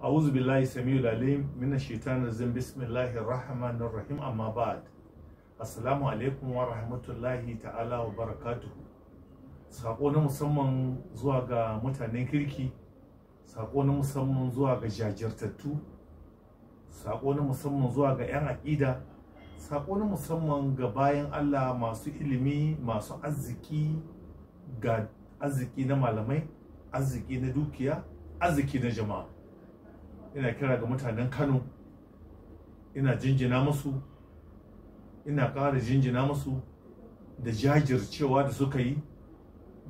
أعوذ بالله السميع العليم من الشيطان الرجيم بسم الله الرحمن الرحيم أما Assalamu alaikum wa rahmatullahi ta'ala wa barakatuhu. Sako na musamman zuwa ga mutanen kirki, sako na musamman zuwa ga jajirtattu, sako na musamman zuwa ga 'yan aƙida, sako na musamman ga bayan Allah masu ilimi, masu arziki ga arziki na malamai, arziki na dukiya, arziki na jama'a. ina kira ga mutanen kano ina jinjina musu ina ƙara jinjina musu da jajircewa da suka yi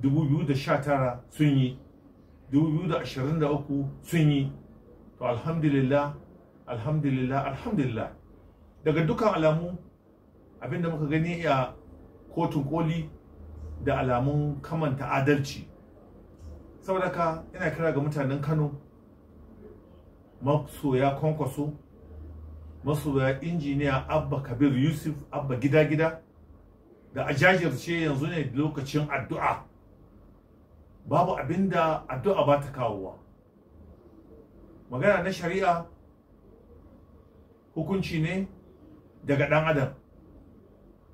2019 sun yi 2023 sun yi to alhamdulillah alhamdulillah alhamdulillah daga dukkan alamu abinda muka gani a kotun koli da alamun kamanta adalci saboda ka ina kira ga mutanen kano masoya kwankwaso masoya injiniya abba kabir yusuf abba gida-gida da a jajirce yanzu ne lokacin addu'a babu abinda addu'a ba ta kawowa magana na shari'a hukunci ne daga ɗan adam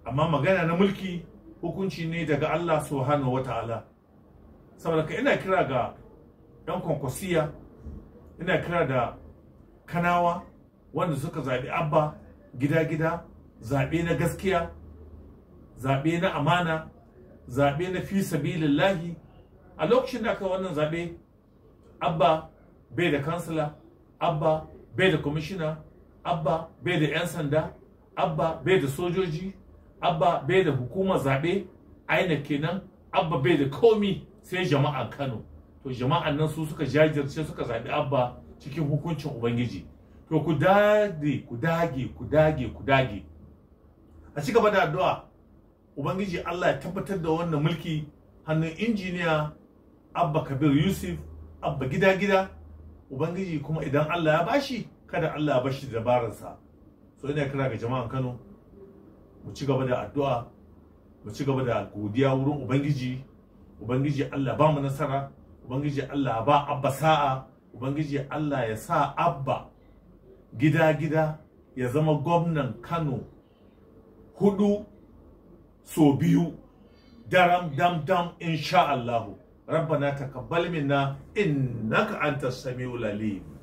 amma magana na mulki hukunci ne daga allah subhanahu wa ta'ala saboda ka ina kira ga 'yan kwankwasiya ina kira da kanawa wanda suka zaɓi abba gida-gida zaɓe na gaskiya zaɓe na amana zaɓe na fi sabilillahi a lokacin da aka wannan zaɓe abba bai da kansila abba bai da kwamishina abba bai da 'yan sanda abba bai da sojoji abba bai da hukumar zaɓe ainihin kenan abba bai da komi sai jama'a kano to jama'an nan su suka jajirce suka zaɓi abba cikin hukuncin ubangiji to ku dage ku dage ku dage ku dage a ci gaba da addu'a ubangiji Allah ya tabbatar da wannan mulki hannun injiniya abba kabir yusuf abba gida gida ubangiji kuma idan Allah ya bashi kada Allah ya bashi dabararsa so ina kira ga jama'an Kano mu ci gaba da addu'a mu ci gaba da godiya wurin ubangiji ubangiji Allah ba mu nasara ubangiji Allah ba abba sa'a ubangiji Allah ya sa abba gida-gida ya zama gwamnan Kano hudu so biyu daram dam dam insha Allahu rabbana taqabbal minna innaka antas samiul alim